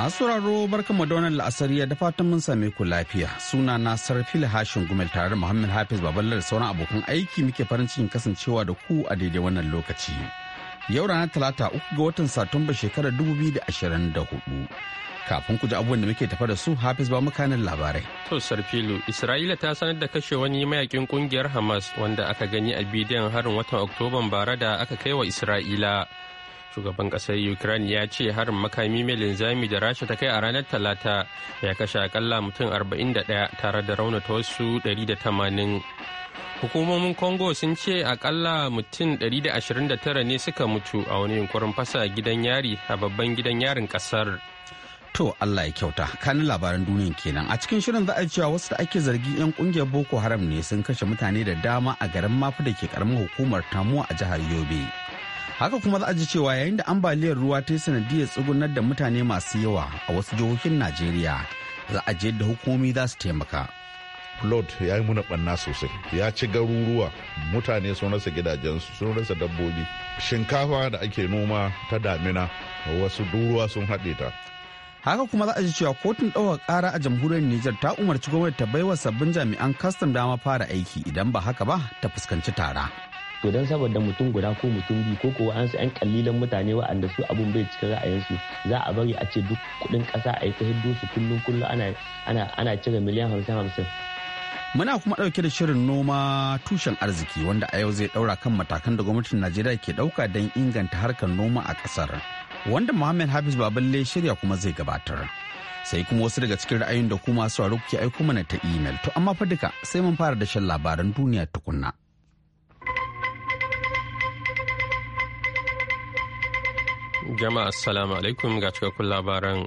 Masu raro barka da la'asari ya da fatan mun same ku lafiya. Suna na Sarfil Hashin Gumel tare da Muhammad Hafiz Baballa da sauran abokan aiki muke farin cikin kasancewa da ku a daidai wannan lokaci. Yau ranar Talata uku ga watan Satumba shekarar 2024. Kafin ku ji abubuwan da muke tafa da su Hafiz ba kanin labarai. To Sarfilu, Isra'ila ta sanar da kashe wani mayakin kungiyar Hamas wanda aka gani a bidiyon harin watan Oktoban bara da aka kai wa Isra'ila. shugaban kasar ukraine ya ce harin makami mai linzami da rasha ta kai a ranar talata ya kashe akalla mutum 41 tare da raunata wasu 180 hukumomin congo sun ce akalla mutum 129 ne suka mutu a wani yunkurin fasa gidan yari a babban gidan yarin kasar To Allah ya kyauta kanin labaran duniyan kenan a cikin shirin za a cewa wasu da ake zargi 'yan kungiyar Boko Haram ne sun kashe mutane da dama a garin mafi da ke karamin hukumar Tamuwa a jihar Yobe. haka kuma za a ji cewa yayin da ambaliyar ruwa ta yi sanadiyar tsugunar da mutane masu yawa a wasu jihohin najeriya za a je da hukumomi za su taimaka flood ya yi muna ɓanna sosai ya ci garuruwa mutane sun rasa gidajensu sun rasa dabbobi shinkafa da ake noma ta damina wasu duruwa sun haɗe ta haka kuma za a ji cewa kotun ɗaukar ƙara a jamhuriyar Nijar ta umarci gwamnati ta baiwa sabbin jami'an kastam dama fara aiki idan ba haka ba ta fuskanci tara. to don saboda mutum guda ko mutum biyu ko ko wa'ansu 'yan kallilan mutane wa'anda su abun bai cika ra'ayinsu za a bari a ce duk kudin kasa a yi ta hiddo su kullum kullum ana cire miliyan hamsin hamsin Muna kuma dauke da shirin noma tushen arziki wanda a yau zai daura kan matakan da gwamnatin Najeriya ke dauka don inganta harkar noma a kasar. Wanda Muhammad Hafiz Baballe shirya kuma zai gabatar. Sai kuma wasu daga cikin ra'ayin da kuma masu kuke aiko mana ta imel. To amma fa duka sai mun fara da shan labaran duniya tukunna. Jama'a assalamu alaikum ga cikakkun labaran.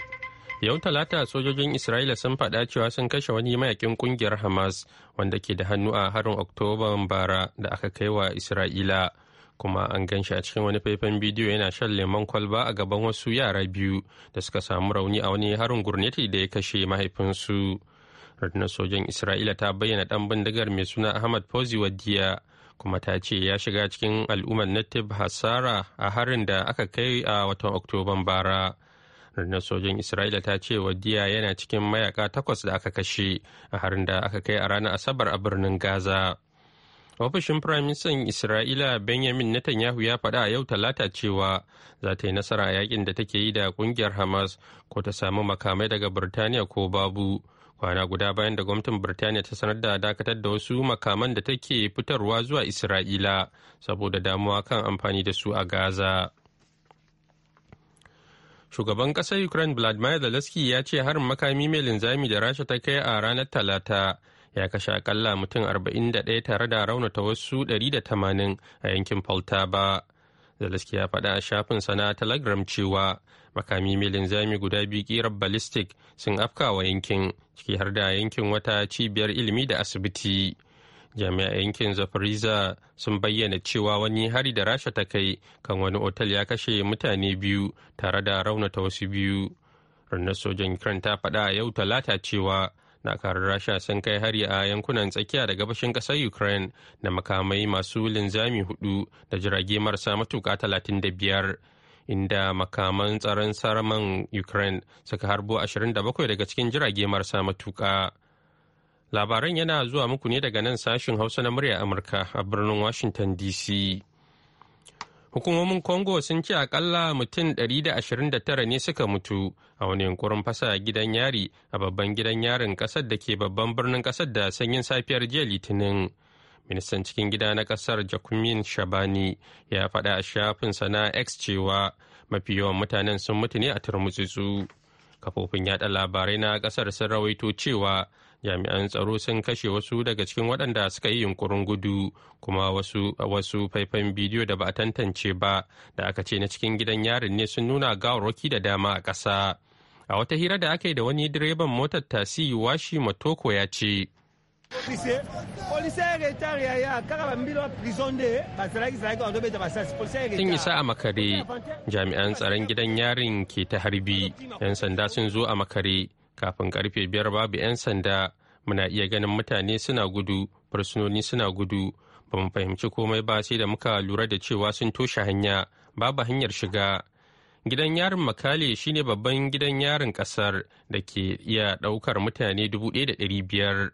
Yau talata sojojin Isra'ila sun faɗa cewa sun kashe wani mayakin kungiyar Hamas wanda ke da hannu a harin Oktoban bara da aka kai wa Isra'ila. Kuma an gan shi a cikin wani faifan bidiyo yana shan lemon kwalba a gaban wasu yara biyu da suka samu rauni a wani harin gurneti da ya kashe mahaifinsu. Rundunar sojan Isra'ila ta bayyana ɗan bindigar mai suna Ahmad Fozi Wadiya kuma ta ce ya shiga cikin al'ummar native hasara a harin da aka kai a watan oktoban bara rundunar sojin isra'ila ta ce wadiya yana cikin mayaka takwas da aka kashe a harin da aka kai a ranar asabar a birnin gaza ofishin firaministan isra'ila benjamin netanyahu ya faɗa a yau talata cewa za ta yi nasara a yakin da take yi da ƙungiyar hamas ko ta samu makamai daga birtaniya ko babu kwana guda bayan da gwamnatin birtaniya ta sanar da dakatar da wasu makaman da take fitarwa zuwa isra'ila saboda damuwa kan amfani da su a gaza shugaban ƙasar ukraine vladimir zelensky ya ce harin makami mai linzami da rasha ta kai a ranar talata ya kashe akalla mutum 41 tare da raunata wasu 180 a yankin poltava zelensky ya faɗa a shafin sana telegram cewa makami mai linzami guda biyu kirar ballistic sun afka wa yankin ciki har da yankin wata cibiyar ilimi da asibiti jami'a yankin zafariza sun bayyana cewa wani hari da rasha ta kai kan wani otal ya kashe mutane biyu tare da raunata wasu biyu rundunar sojan ukraine ta faɗa a yau talata cewa dakarun rasha sun kai hari a yankunan tsakiya da gabashin ƙasar ukraine da makamai masu linzami hudu da jirage marasa matuka 35 inda makaman tsaron saraman Ukraine suka harbo 27 daga cikin jirage marasa matuƙa. Labaran yana zuwa muku ne daga nan sashin Hausa na murya Amurka a birnin Washington DC. Hukumomin Congo sun ce akalla mutum 129 ne suka mutu a wani yunkurin fasa gidan yari a babban gidan yarin kasar da ke babban birnin kasar da sanyin safiyar jiya Litinin. ministan cikin gida na kasar jakumin shabani ya faɗa a shafin sana x cewa mafi yawan mutanen sun mutu ne a turmutsutsu kafofin yada labarai na kasar sun rawaito cewa jami'an tsaro sun kashe wasu daga cikin waɗanda suka yi yunkurin gudu kuma wasu, faifan bidiyo da ba a tantance ba da aka ce na cikin gidan yarin ne sun nuna gawarwaki da dama a ƙasa a wata hira da aka yi da wani direban motar tasi washi matoko ya ce Sun yi sa'a makare, jami'an tsaron gidan yarin ke ta harbi, 'yan sanda sun zo a makare, kafin karfe biyar babu 'yan sanda muna iya ganin mutane suna gudu, fursunoni suna gudu, ba mu fahimci komai ba sai da muka lura da cewa sun toshe hanya, babu hanyar shiga. gidan yarin makale shine babban gidan yarin kasar da ke iya ɗaukar mutane dubu ɗaya da ɗari biyar.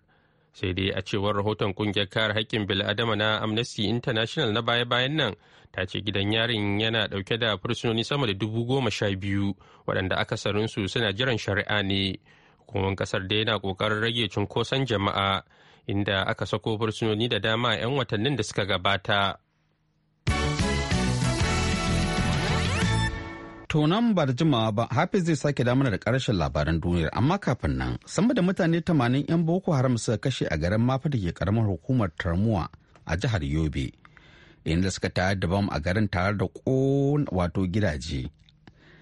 sai dai a cewar rahoton kungiyar kare haƙƙin bil'adama na amnesty international na baya-bayan nan ta ce gidan yarin yana ɗauke da fursunoni sama da dubu goma sha biyu waɗanda akasarinsu suna jiran shari'a ne hukumar ƙasar da yana ƙoƙarin rage cunkoson jama'a inda aka sako fursunoni da dama a 'yan watannin da suka gabata. To nan ba da jimawa ba Hafiz zai sake damar da karshen labaran duniyar amma kafin nan sama da mutane 80 'yan Boko Haram suka kashe a garin Mafi da ke karamar hukumar Tarmuwa a jihar Yobe inda suka tayar da bam a garin tare da ƙona wato gidaje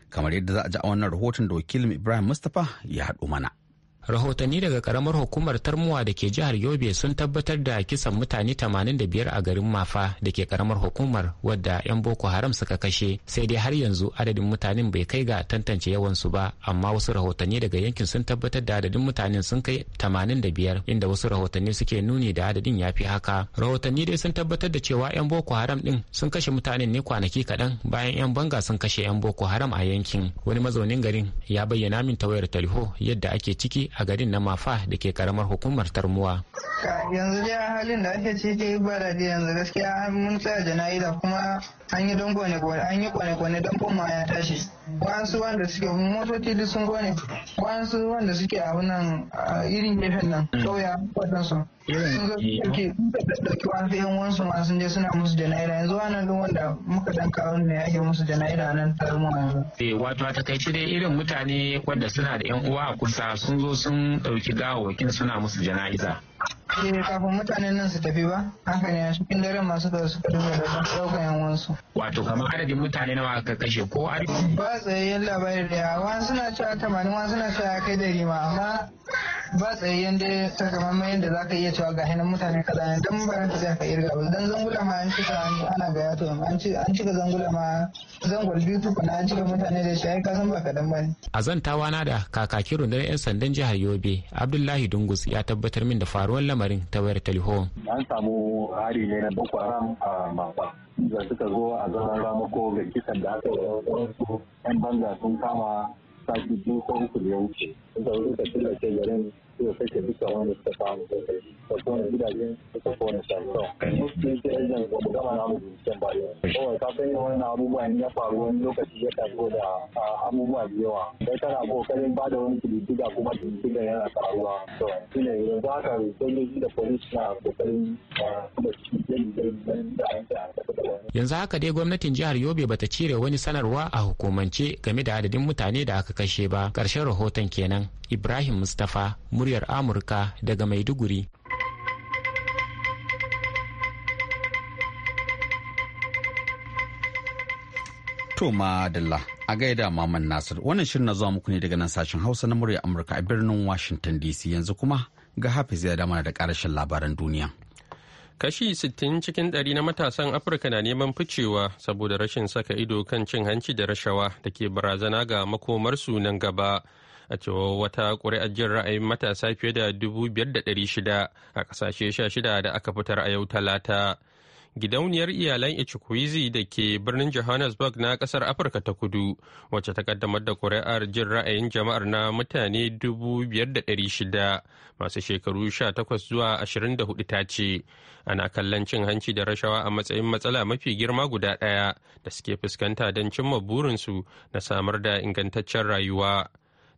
kamar yadda za a ji a wannan rahoton da wakilin Ibrahim Mustapha ya haɗu mana. rahotanni daga karamar hukumar tarmuwa da ke jihar yobe sun tabbatar da kisan mutane 85 a garin mafa da ke karamar hukumar wadda 'yan boko haram suka kashe sai dai har yanzu adadin mutanen bai kai ga tantance yawansu ba amma wasu rahotanni daga yankin sun tabbatar da adadin mutanen sun kai 85 inda wasu rahotanni suke nuni da adadin ya fi haka rahotanni dai sun tabbatar da cewa 'yan boko haram din sun kashe mutanen ne kwanaki kaɗan bayan 'yan banga sun kashe 'yan boko haram a yankin wani mazaunin garin ya bayyana min ta wayar talho yadda ake ciki a garin na mafa da ke karamar hukumar tarmuwa yanzu dai halin da ake ci dai ba da yanzu gaskiya mun tsaya jana'iza kuma an yi don gwane gwane an yi kone kone don kuma ya tashi wasu wanda suke motoci duk sun gwane wasu wanda suke a wannan irin gefen nan sauya mm. wadansu sun yanzu wato a takaice dai irin mutane wanda suna da yan uwa a kusa sun zo sun ɗauki gawawakin suna musu jana'iza. Eh, kafin mutanen nan su tafi ba haka ne cikin dare, masu da su duba da ɗaukan yan wansu. wato kamar adadin mutane nawa aka kashe ko a ba tsayayyen labarin da yawa suna cewa tamanin suna cewa kai dari ma amma ba tsayayyen da takamaiman yadda za ka iya cewa ga hinan mutane kaza ne dan ba zai sai irga ba zangula ma an cika ana ga yato an an cika zangula ma zangul biyu tukuna an cika mutane da shi ka san ba kadan bane a zantawa na da kakakin rundunar yan sandan jihar Yobe Abdullahi Dungus ya tabbatar min da faruwar lamarin ta wayar telefon an samu hari ne na Boko Haram a Mamba da suka zo a zaman ramako ga kisan da aka yi 'yan banza sun kama sati biyu ko uku da ya wuce. Inda wani ka garin suka kashe duka wanda suka samu da kone gidajen suka kone sarkau musu ta yanzu ba mu gama namu binciken ba yau kawai ka san yawan abubuwa in ya faru wani lokaci ya taso da abubuwa da yawa kai kana kokarin ba da wani kididdiga kuma kididdiga yana karuwa to shi ne yanzu haka sojoji da polis na kokarin da yanzu haka dai gwamnatin jihar yobe bata cire wani sanarwa a hukumance game da adadin mutane da aka kashe ba ƙarshen rahoton kenan Ibrahim mustafa muryar Amurka daga Maiduguri. To a gaida Maman Nasir wannan shirin na zuwa muku ne daga nan sashen Hausa na muryar Amurka a birnin Washington DC yanzu kuma ga Hafiz ya dama da karashin labaran duniya. Kashi 60 cikin ɗari na matasan Afirka na neman ficewa saboda rashin saka ido kan cin hanci da rashawa da ke barazana ga makomarsu nan gaba. a cewa wata ƙuri'ar jin ra'ayin matasa fiye da 5,600 a ƙasashe 16 da aka fitar a yau talata gidauniyar iyalan ichikwizi da ke birnin johannesburg na ƙasar afirka ta kudu wacce ta kaddamar da kuri'ar jin ra'ayin jama'ar na mutane 5,600 masu shekaru 18 zuwa 24 ta ce ana kallon cin hanci da rashawa a matsayin matsala mafi girma guda ɗaya da suke fuskanta don cimma burinsu na samar da ingantaccen rayuwa.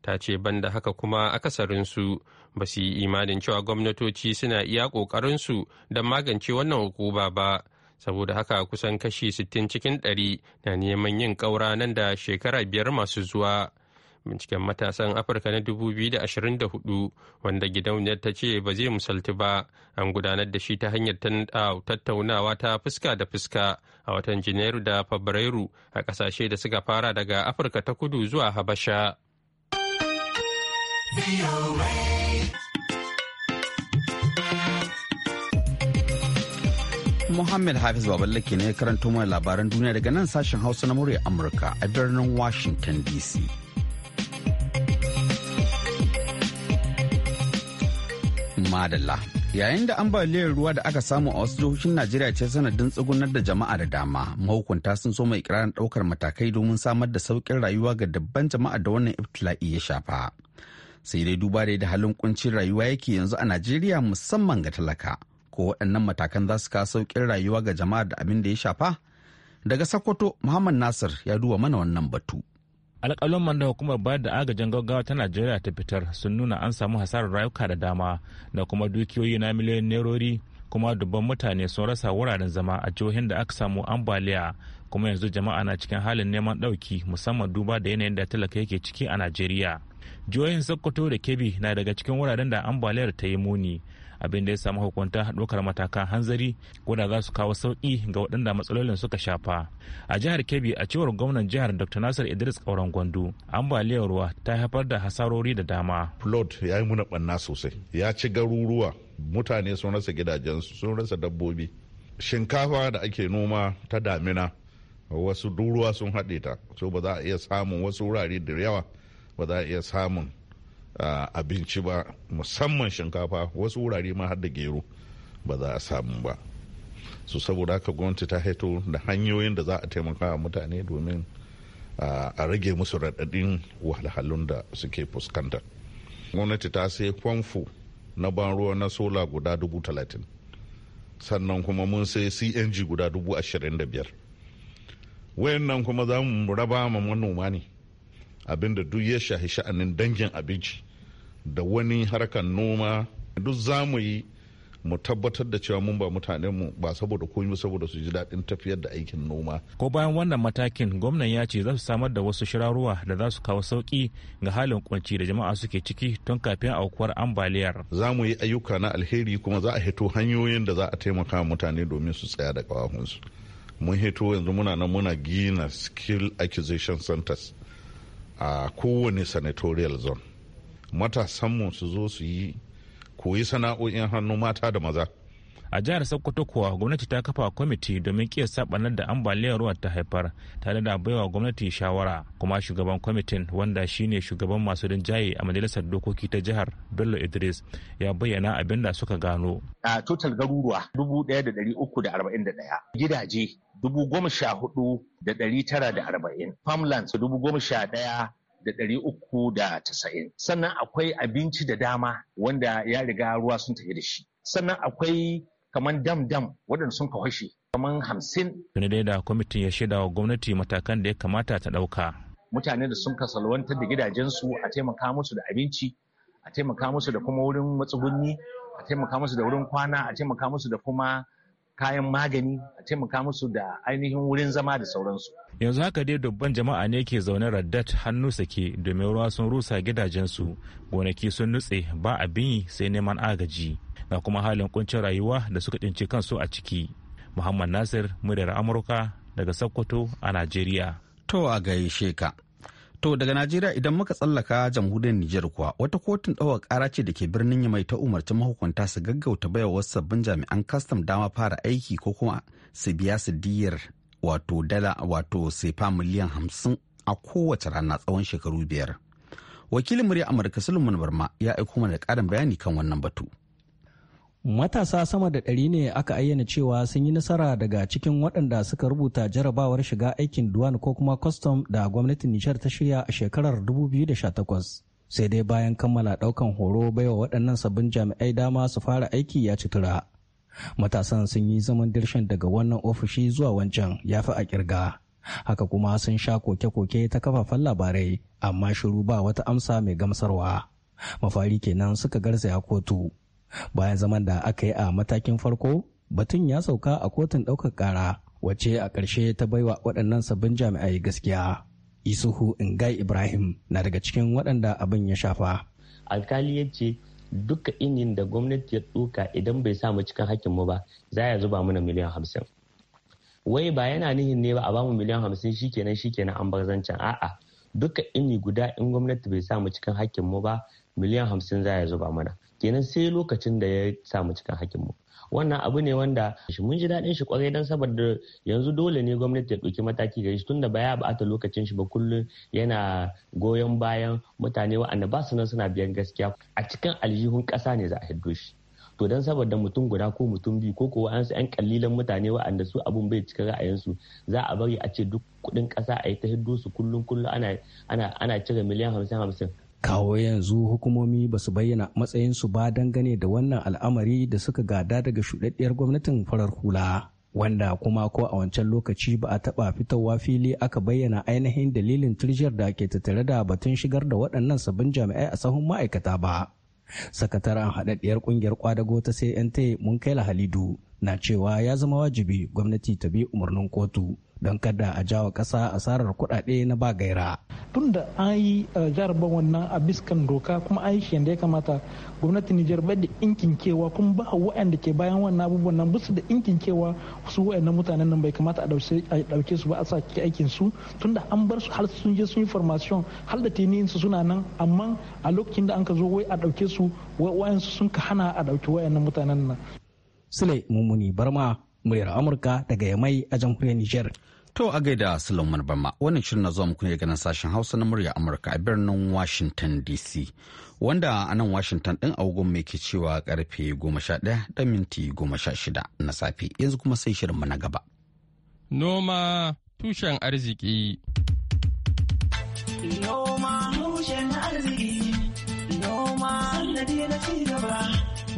ta ce ban da haka kuma akasarinsu ba su yi imanin cewa gwamnatoci suna iya ƙoƙarinsu don magance wannan hukuma ba saboda haka kusan kashi 60 cikin 100 na neman yin ƙaura nan da shekara biyar masu zuwa. binciken matasan afirka na 2024 wanda gidauniyar ta ce ba zai musalti ba an gudanar da shi ta hanyar tattaunawa ta fuska da fuska a watan janairu da fabrairu a kasashe da suka fara daga afirka ta kudu zuwa habasha Muhammad Hafiz Baballe ne ne karanto mai labaran duniya daga nan sashen Hausa na murya Amurka a birnin Washington DC. Madalla. Yayin da ambaliyar ruwa da aka samu a wasu jihohin Najeriya ce sanadin tsugunar da jama'a da dama, mahukunta sun so mai ikirarin ɗaukar matakai domin samar da sauƙin rayuwa ga dabban jama'a da wannan ibtila'i ya shafa. sai dai duba da halin kuncin rayuwa yake yanzu a najeriya musamman ga talaka ko waɗannan matakan za su kawo sauƙin rayuwa ga jama'a da abin da ya shafa daga sokoto muhammad nasir ya duba mana wannan batu alƙalin da hukumar bayar da agajin gaggawa ta najeriya ta fitar sun nuna an samu hasarar rayuka da dama da kuma dukiyoyi na miliyoyin nerori kuma dubban mutane sun rasa wuraren zama a jihohin da aka samu ambaliya kuma yanzu jama'a na cikin halin neman ɗauki musamman duba da yanayin da talaka yake ciki a najeriya jihohin sokoto da kebbi na daga cikin wuraren da ambaliyar ta yi muni abin da ya samu hukunta ɗaukar matakan hanzari wanda za su kawo sauki ga waɗanda matsalolin suka shafa a jihar kebbi a cewar gwamnan jihar dr nasir idris kauran gwandu ambaliyar ruwa ta haifar da hasarori da dama flood ya yi muna ɓanna sosai ya ci garuruwa mutane sun rasa gidajen sun rasa dabbobi shinkafa da ake noma ta damina wasu duruwa sun haɗe ta so ba za a iya samun wasu wurare da yawa ba za a iya samun abinci ba musamman shinkafa wasu wurare ma har da gero ba za a samu ba su saboda haka gwamnati ta haito da hanyoyin da za a taimaka wa mutane domin a rage musu raɗaɗin wahalhalun da suke fuskanta gwamnati ta sai famfo na ban ruwa na sola guda dubu talatin sannan kuma mun sai cng guda dubu ashirin da biyar wayannan kuma za mu raba ma manoma ne abinda duk ya shahi sha'anin dangin abinci da wani harkar noma duk za mu yi mu tabbatar da cewa mun ba mutanen mu ba saboda komai saboda su ji daɗin tafiyar da aikin noma. Ko bayan wannan matakin gwamnan ya ce za su samar da wasu shirarruwa da za su kawo sauki ga halin kwanci da jama'a suke ciki tun kafin aukuwar ambaliyar. Za mu yi ayyuka na alheri kuma za a hito hanyoyin da za a taimaka mutane domin su tsaya da ƙawahunsu. Mun hito yanzu muna nan muna gina skill acquisition centers a kowane senatorial zone matasanmu su zo su yi koyi sana'o'in hannu mata da maza a jihar sokoto kuwa gwamnati ta kafa kwamiti domin kiyar sabanar da ambaliyar ruwa ta haifar tare da baiwa gwamnati shawara kuma shugaban kwamitin wanda shine shugaban masu rinjaye a majalisar dokoki ta jihar bello idris ya bayyana abin da suka gano a total garuruwa dubu daya da da da dari uku arba'in daya gidaje dubu arba'in farmlands daya da ɗari uku da tasa'in sannan akwai abinci da dama wanda ya riga ruwa sun tafi da shi sannan akwai kamar dam dam waɗanda sun kawashe kamar hamsin. Tuni dai da kwamitin ya shaida wa gwamnati matakan da ya kamata ta ɗauka. Mutane da sun kasalwantar da gidajensu a taimaka musu da abinci, a taimaka musu da kuma wurin matsugunni, a taimaka musu da wurin kwana, a taimaka musu da kuma kayan magani a taimaka musu da ainihin wurin zama da sauransu. Yanzu haka dai dubban jama'a ne ke zaune raddat hannu sake domin ruwa sun rusa gidajensu gonaki sun nutse ba abin yi sai neman agaji na kuma halin kuncin rayuwa da suka tsinci kansu a ciki. Muhammad Nasir, muryar Amurka daga Sokoto a Najeriya. To a gaishe ka. To daga Najeriya idan muka tsallaka jamhuriyar Nijar kuwa wata kotun ɗaukar ƙara ce da ke birnin Yamai ta umarci mahukunta su gaggauta baiwa wasu sabbin jami'an kastam dama fara aiki ko kuma su biya su diyar wato dala wato sefa miliyan hamsin a kowace rana tsawon shekaru biyar. Wakilin murya Amurka sulman Barma ya aiko mana da ƙarin bayani kan wannan batu. Matasa sama da ɗari ne aka ayyana cewa sun yi nasara daga cikin waɗanda suka rubuta jarabawar shiga aikin duwan ko kuma kwastam da gwamnatin Nijar ta shirya a shekarar 2018. Sai dai bayan kammala ɗaukan horo baiwa waɗannan sabbin jami'ai dama su fara aiki ya cutura. Matasan sun yi zaman dirshin daga wannan ofishi zuwa wancan ya fi a kirga. Haka kuma sun sha koke-koke ta kafafen labarai amma shiru ba wata amsa mai gamsarwa. Mafari kenan suka garzaya kotu. bayan zaman da aka yi a matakin farko batun ya sauka a kotun ɗaukar ƙara Wace a ƙarshe ta baiwa waɗannan sabbin jami'ai gaskiya isuhu ingai ibrahim na daga cikin waɗanda abin ya shafa alkali ya ce duka inin da gwamnati ya ɗuka idan bai sa mu cikin mu ba za ya zuba mana miliyan hamsin wai ba yana nihin ne ba a bamu miliyan hamsin shikenan shikenan an bar zancen a'a duka ini guda in gwamnati bai samu cikin hakkin mu ba miliyan hamsin za ya zuba mana kenan sai lokacin da ya samu cikin hakkin mu wannan abu ne wanda mun ji daɗin shi kwarai don saboda yanzu dole ne gwamnati ya ɗauki mataki gare shi tunda ba ya ba'ata lokacin shi ba kullum yana goyon bayan mutane wa'anda ba su nan suna biyan gaskiya a cikin aljihun ƙasa ne za a hiddo shi to dan saboda mutum guda ko mutum biyu ko ko wa'ansu yan kallilan mutane wa'anda su abun bai cika ra'ayinsu za a bari a ce duk kudin kasa a yi ta hiddo su kullum kullum ana ana cire miliyan hamsin hamsin kawo yanzu hukumomi ba su bayyana matsayinsu ba dangane da wannan al'amari da suka gada daga shuɗaɗɗiyar gwamnatin farar hula wanda kuma ko a wancan lokaci ba a taɓa fitowa fili aka bayyana ainihin dalilin turjiyar da ke tattare da batun shigar da waɗannan sabbin jami'ai a sahun ma'aikata ba sakataren haɗaɗɗiyar ƙungiyar kwadago ta cnt mun kai halidu na cewa ya zama wajibi gwamnati ta bi umarnin kotu don kada a kasa kasa asarar kuɗaɗe na ba gaira. Tun da an yi eh, jarabar wannan a biskan doka kuma an yi shi yadda ya kamata gwamnati Nijar bai da inkin kewa kuma ba wa'anda ke bayan wannan abubuwan nan bisu da inkin kewa su na mutanen nan bai kamata a ɗauke su ba a sake aikin su tun da an bar su har sun je sun yi formation har da tenin su suna nan amma a lokacin da an ka zo wai a ɗauke su waɗansu sun ka hana a ɗauki na mutanen nan. Sule Mummuni Barma muryar Amurka daga Yamai a jamhuriyar Nijar. To a gaida Sulaiman Bama wannan shirin na zuwa muku ne ganin sashen Hausa na murya Amurka a birnin Washington DC wanda a nan Washington din agogon mai ke cewa karfe 11 da minti 16 na safe yanzu kuma sai shirinmu na gaba. Noma tushen arziki.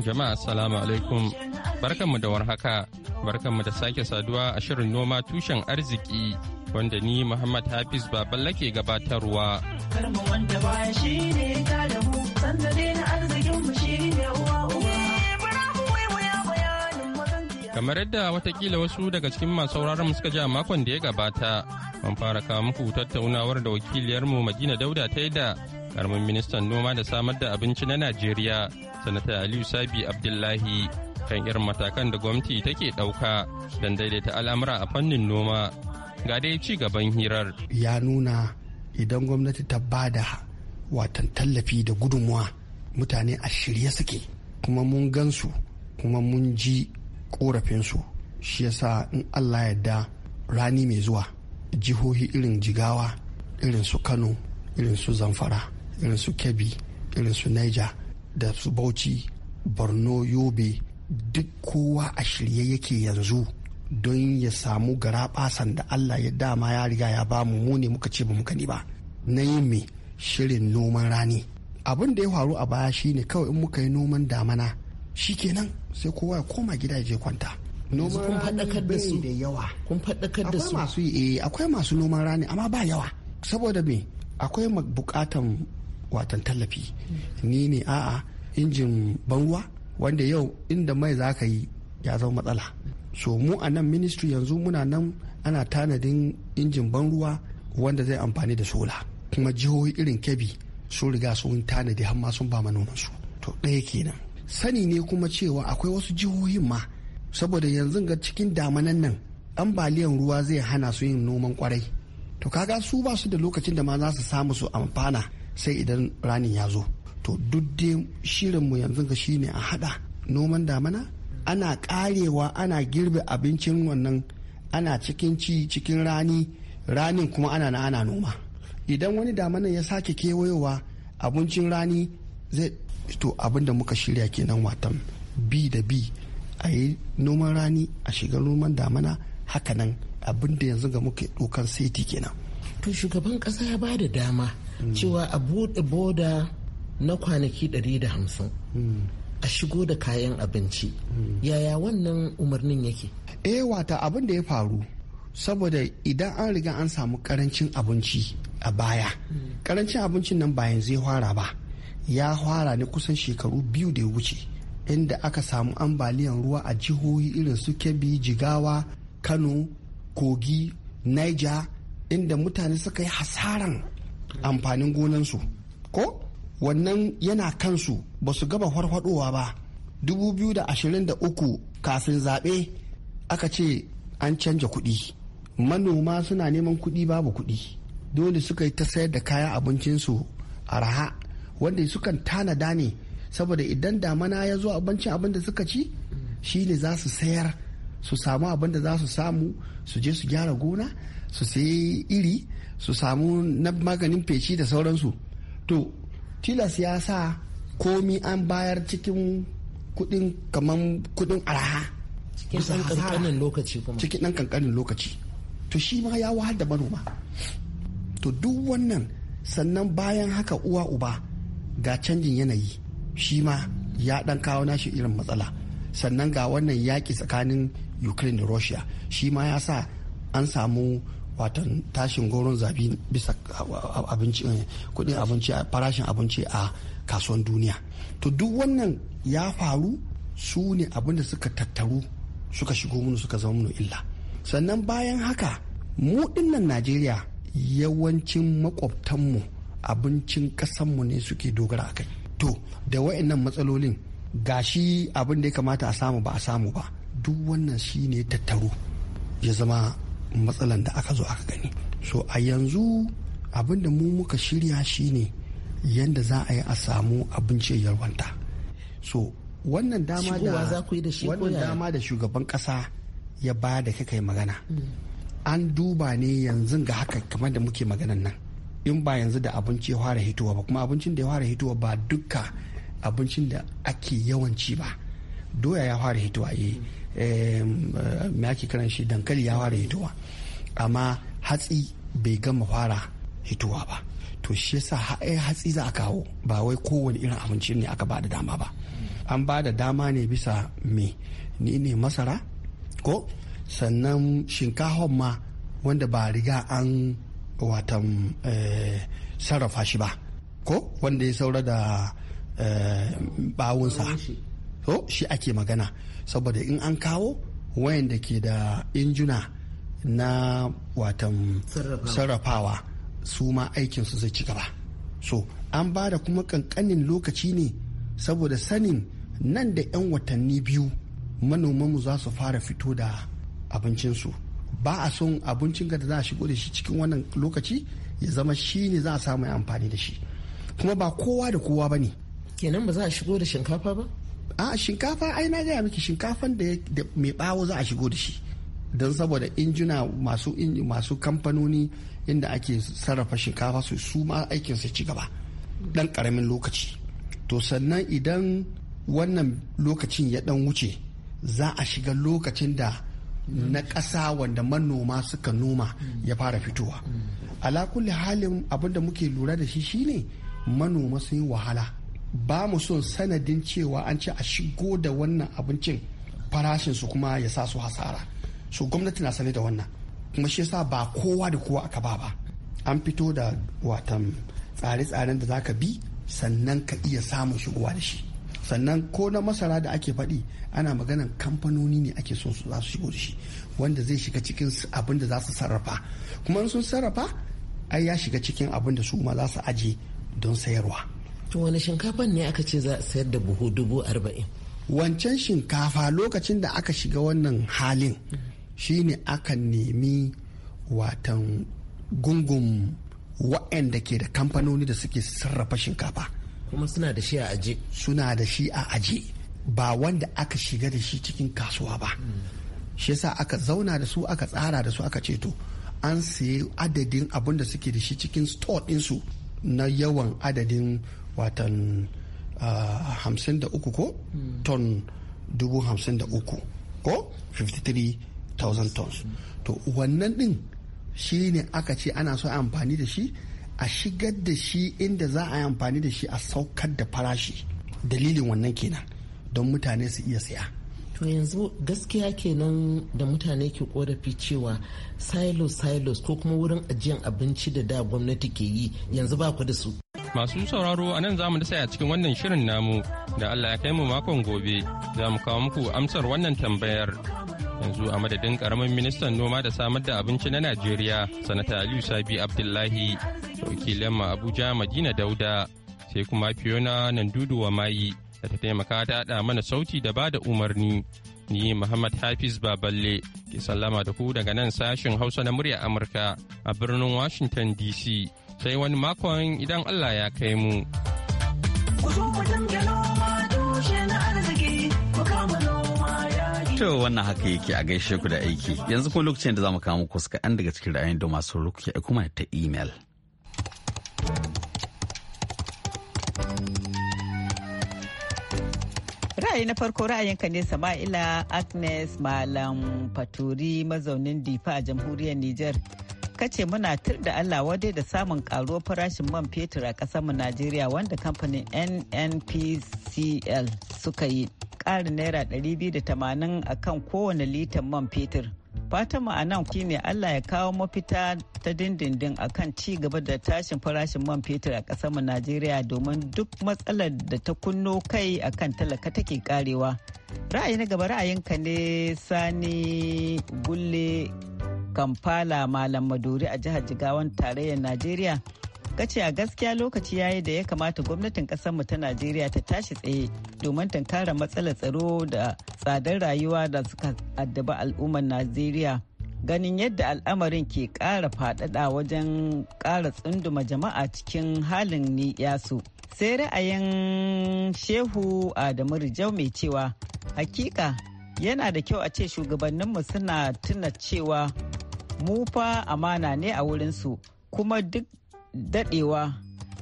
Jama'a salamu alaikum. Barkanmu da warhaka, barkanmu da sake saduwa a shirin noma tushen arziki wanda ni Muhammad Hafiz baban lake gabatarwa. wanda eh, kamar yadda watakila wasu daga cikin masu sauraron suka ji makon da ya gabata mun fara kawo muku tattaunawar da wakiliyarmu madina dauda ta da karamin ministan noma da samar da abinci na najeriya sanata aliyu sabi abdullahi kan irin matakan da gwamnati take ɗauka don daidaita al'amura a fannin noma ga dai ci gaban hirar ya nuna idan gwamnati ta ba da watan tallafi da gudunmuwa mutane a shirye suke kuma mun gansu kuma mun ji korafinsu shi yasa in allah yadda rani mai zuwa jihohi irin jigawa irin su kano irin su zamfara irin su kebbi irin su niger da su bauchi borno yobe duk kowa a shirye yake yanzu don ya samu garaɓasan da Allah ya dama ya riga ya bamu mu ne muka ce ba mu gani ba na yin me shirin noman rani abin da ya faru a baya shine kawai in muka yi noman damana shikenan sai kowa ya koma gida ya je kwanta noman kun faɗakar da su da yawa kun faɗakar da su masu eh, akwai masu noman rani amma ba yawa saboda me akwai bukatan watan tallafi hmm. ni ne a'a injin ban ruwa wanda yau inda mai za ka yi ya zama matsala so mu a nan ministry yanzu muna nan ana tanadin injin ban ruwa wanda zai amfani da sola kuma jihohi irin kebbi sun riga sun tanadi har ma sun ba su to ɗaya kenan sani ne kuma cewa akwai wasu jihohin ma saboda yanzu ga cikin damanan nan ambaliyan ruwa zai hana su yin noman kwarai to kaga su ba su da lokacin da ma za su samu su amfana sai idan ranin ya zo to duk shirin mu yanzu ga shine a hada noman damana ana karewa ana girbe abincin wannan ana cikin ci cikin rani ranin kuma ana na ana noma idan wani damanan ya sake kewayowa abincin rani zai to abinda muka shirya kenan watan bi da bi a yi noman rani a shiga noman damana hakanan abin da yanzu ga muke dokar seti kenan to shugaban kasa ya ba da dama mm. cewa a buɗe boda na kwanaki 150 a shigo da kayan abinci yaya wannan umarnin yake eh wata abin da ya faru saboda idan an riga an samu karancin abinci a baya karancin abincin nan ba yanzu ya fara ba ya fara ne kusan shekaru biyu da ya wuce inda aka samu ambaliyan ruwa a jihohi irin su kebbi jigawa kano kogi niger inda mutane suka yi hasaran amfanin gonansu ko wannan yana kansu ba su gaba farfadowa ba 2023 kafin zaɓe aka ce an canja kuɗi manoma suna neman kuɗi babu kuɗi dole suka yi ta sayar da kayan abincinsu a raha wanda sukan tanada ne saboda idan damana ya zo abincin abin da suka ci shine za su sayar su samu abin da za su samu su je su gyara gona su sayi iri su samu na maganin feshi da sauransu to tilas ya sa komi an bayar cikin kudin kaman kudin araha cikin dan kankanin lokaci kuma to shi ma ya wahal da manoma to duk wannan sannan bayan haka uwa uba ga canjin yanayi shi ma ya dan kawo nashi irin matsala sannan ga wannan yaki tsakanin ukraine da russia shi ma ya sa an samu fatan tashin goron zabi bisa abinci eh, kudin abinci farashin abinci a kasuwan duniya to duk wannan ya faru su ne abin suka tattaru suka shigo munu suka zama mun illa sannan bayan haka mu dinnan najeriya yawancin mu abincin mu ne suke dogara a kai to da wa'annan matsalolin gashi abin da ya kamata a samu ba a samu ba duk wannan shi ne tattaru ya zama matsalan da aka zo aka gani so a yanzu abinda mu muka shirya shine yadda za a yi a samu abinci yalwanta so wannan dama da shugaban kasa ya ba da kika yi magana mm. an duba ne yanzu ga haka kamar da muke maganan nan in ba yanzu da abinci ya fara hitowa ba kuma abincin da ya fara hitowa ba dukka abincin da ake yawanci ba doya ya fara hitowa eh Eh, me ake kiran shi dankali ya fara hitowa amma hatsi bai gama fara hitowa ba to shi yasa eh, hatsi za a kawo ba wai kowane irin abinci ne aka ba da dama ba an ba da dama ne bisa me ni ne masara ko sannan shinkahon ma wanda ba riga an watan eh, sarrafa shi ba ko wanda ya saura da bawunsa to shi ake magana saboda in an kawo wayanda ke da injuna na watan sarrafawa su ma aikinsu zai ci gaba so an ba da kuma kankanin lokaci ne saboda sanin nan da 'yan watanni biyu manomanmu za su fara fito da abincinsu ba a son abincin da za a shigo da shi cikin wannan lokaci ya zama shi ne za a samu amfani da shi kuma ba kowa da kowa ba ne kenan ba za a shigo da shinkafa ba a shinkafa ai na gaya miki shinkafan da mai bawo za a shigo da shi don saboda injina masu masu kamfanoni inda ake sarrafa shinkafa su su ma aikin su ci gaba dan karamin lokaci to sannan idan wannan lokacin ya dan wuce za a shiga lokacin da na ƙasa wanda manoma suka noma ya fara fitowa ala kulli halin abinda muke lura da shi shine manoma sun yi wahala ba mu son sanadin cewa an ce a shigo da wannan abincin farashin su kuma ya sa su hasara so gwamnati na sane da wannan kuma shi yasa ba kowa da kowa aka ba ba an fito da watan tsare-tsaren da za ka bi sannan ka iya samun shigowa da shi sannan ko na masara da ake faɗi ana maganan kamfanoni ne ake son su za su shigo da shi wanda zai shiga cikin abin da za su sarrafa kuma sun sarrafa ai ya shiga cikin abin da su ma za su aje don sayarwa wani shinkafa ne aka ce za a sayar da buhu dubu arba'in wancan shinkafa lokacin da aka shiga wannan halin shine aka nemi watan gungun wa'anda ke da kamfanoni da suke sarrafa shinkafa kuma suna da shi a aje suna da shi a aje ba wanda aka shiga da shi cikin kasuwa ba hmm. shi yasa aka zauna da su aka tsara da su aka ceto an sayi adadin abin da suke da shi cikin store ɗinsu na yawan adadin watan ah, hamsin da uku ko hmm. ton dubu hamsin da uku ko 53,000 tons to wannan din shi ne aka ce ana so amfani da shi a shigar da shi inda za a yi amfani da shi a saukar da farashi dalilin wannan kenan don mutane su iya saya to yanzu gaskiya kenan da mutane ke korafi cewa silos silos ko kuma wurin ajiyan abinci da da gwamnati ke yi yanzu ba ku da su Masu sauraro a nan zamu dasa a cikin wannan shirin namu da Allah ya kai mu makon gobe za mu kawo muku amsar wannan tambayar. Yanzu a madadin karamin ministan noma da samar da abinci na Najeriya, sanata Aliyu Sabi Abdullahi, wakilin mu Abuja Madina Dauda, sai kuma Fiona Nandudu wa Mayi da ta taimaka ta haɗa mana sauti da bada umarni. Ni Muhammad Hafiz Baballe ke sallama da ku daga nan sashin Hausa na murya Amurka a birnin Washington DC. sai wani makon idan Allah ya kai mu. To wannan haka yake a gaishe ku da aiki yanzu kuma lokacin da za mu kama muku suka an daga cikin ra'ayin da masu rukuki kuma ta email. ra'ayi na farko ra'ayinka ne sama'ila agnes malam faturi mazaunin difa a jamhuriyar niger kace muna tur da Allah waje da samun karuwar farashin man fetur a mu Najeriya wanda kamfanin NNPCL suka yi ƙarin naira 280 akan kowane litan man fetur. fatima mu anan kine Allah ya kawo mafita ta dindindin akan ci gaba da tashin farashin man fetur a ƙasar Najeriya domin duk matsalar da ta kunno kai akan talaka take karewa. Ra'ayi na gaba ra'ayinka ne Sani Gulle Kampala Malam Maduri a jihar Jigawan tarayyar Najeriya. ka ce a gaskiya lokaci yayi da ya kamata gwamnatin mu ta Najeriya ta tashi tsaye domin tunkara matsalar tsaro da tsadar rayuwa da suka addaba al'ummar Najeriya. Ganin yadda al'amarin ke ƙara fadada wajen ƙara tsunduma jama'a cikin halin ni yasu. Sai ra'ayin Shehu Adamu Rijau mai cewa, hakika yana da kyau a ce shugabanninmu suna tuna cewa mu fa amana ne a wurinsu kuma duk dadewa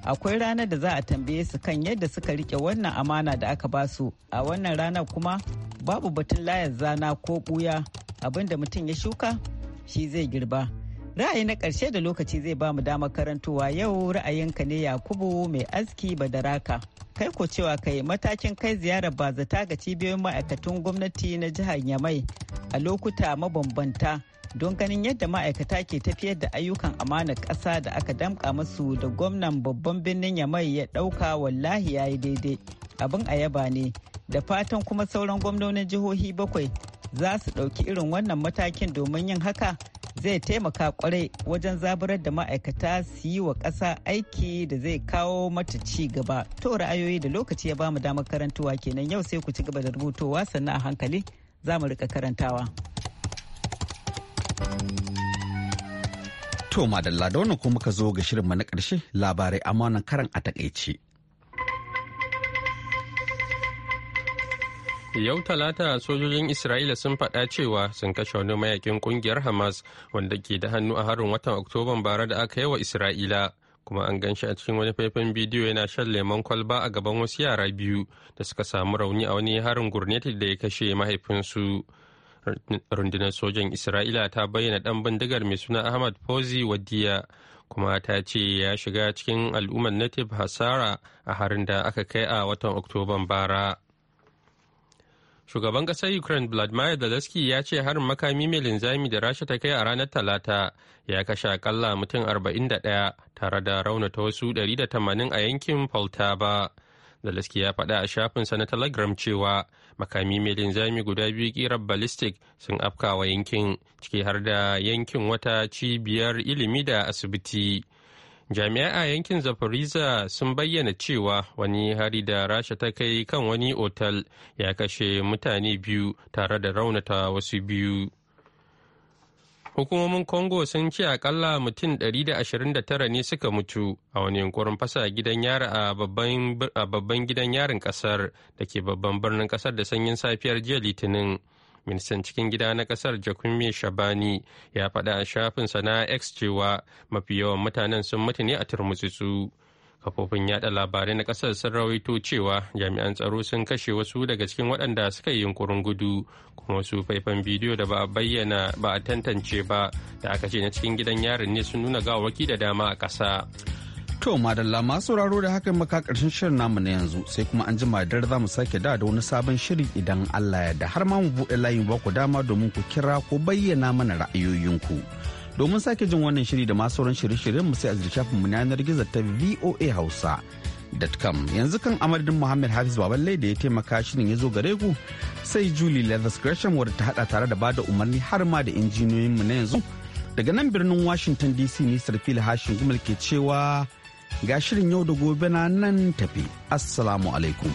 akwai ranar da za a tambaye su kan yadda suka rike wannan amana da aka ba su a wannan ranar kuma babu batun layar zana ko buya abinda mutum ya shuka shi zai girba ra'ayi na ƙarshe da lokaci zai ba mu damar karantowa yau ra'ayinka ne yakubu mai aski badaraka kai ko cewa kai matakin kai ziyarar bazata ga cibiyoyin ma'aikatan gwamnati na jihar Yamai a lokuta mabambanta don ganin yadda ma'aikata ke tafiyar da ayyukan amanar ƙasa da aka damƙa musu da gwamnan babban birnin Yamai ya ɗauka wallahi ya yi daidai abin a yaba ne da fatan kuma sauran gwamnonin jihohi bakwai za su ɗauki irin wannan matakin domin yin haka zai taimaka kwarai wajen zaburar da ma'aikata su yi wa ƙasa aiki da zai kawo mata ci gaba to ra'ayoyi da lokaci ya bamu damar karantuwa kenan yau sai ku ci gaba da rubutowa sannan a hankali za mu rika karantawa to madalla da wannan kuma muka zo ga shirinmu na ƙarshe labarai amma karan a takaice Yau Talata sojojin Isra'ila sun faɗa cewa sun kashe wani mayakin ƙungiyar Hamas wanda ke da hannu a harin watan Oktoban bara da aka yi wa Isra'ila. Kuma an ganshi a cikin wani faifan bidiyo yana shan lemon kwalba a gaban wasu yara biyu da suka samu rauni a wani harin gurnetin da ya kashe mahaifinsu. Rundunar sojan Isra'ila ta bayyana dan bindigar mai suna Ahmad Fozi Wadiya kuma ta ce ya shiga cikin al'ummar Native Hasara a harin da aka kai a watan Oktoban bara. Shugaban ƙasar Ukraine Vladimir Zelensky ya ce harin makami mai linzami da Rasha ta kai a ranar Talata ya kashe akalla mutum 41 tare da raunata wasu 180 a yankin Poltava. Zelensky ya faɗa a shafinsa na Telegram cewa makami mai linzami guda biyu kirar ballistic sun afkawa yankin ciki har da yankin wata cibiyar ilimi da asibiti. jami'a a yankin zaporiza sun bayyana cewa wani hari da rasha ta kai kan wani otal ya kashe mutane biyu tare da raunata wasu biyu hukumomin congo sun ce akalla mutum 129 ne suka mutu a wani yankurin fasa gidan yara a babban gidan yarin kasar da ke babban birnin kasar da sanyin safiyar jiya litinin ministan cikin gida na kasar jakumi shabani ya faɗa a shafin na x cewa mafi yawan mutanen sun mutu ne a turmutsutsu kafofin yada labarai na kasar sun rawaito cewa jami'an tsaro sun kashe wasu daga cikin waɗanda suka yi yunkurin gudu kuma wasu faifan bidiyo da ba a bayyana ba a tantance ba da aka ce na cikin gidan yarin ne sun nuna gawaki da dama a ƙasa To madalla masu sauraro da haka maka karshen shirin namu na yanzu sai kuma an jima da za mu sake da da wani sabon shiri idan Allah ya da har ma mu buɗe layin ba ku dama domin ku kira ko bayyana mana ra'ayoyinku. Domin sake jin wannan shiri da masu sauran shirye-shiryen mu sai a shafin mu na yanar gizo ta VOA Hausa. com yanzu kan amadin Muhammad Hafiz Baballe da ya taimaka shirin ya zo gare ku sai Julie Leathers Gresham wadda ta hada tare da bada umarni har ma da injiniyoyin mu na yanzu daga nan birnin Washington DC ne Sarfil Hashin Gumal ke cewa Ga shirin yau da gobe na nan tafi. Assalamu alaikum.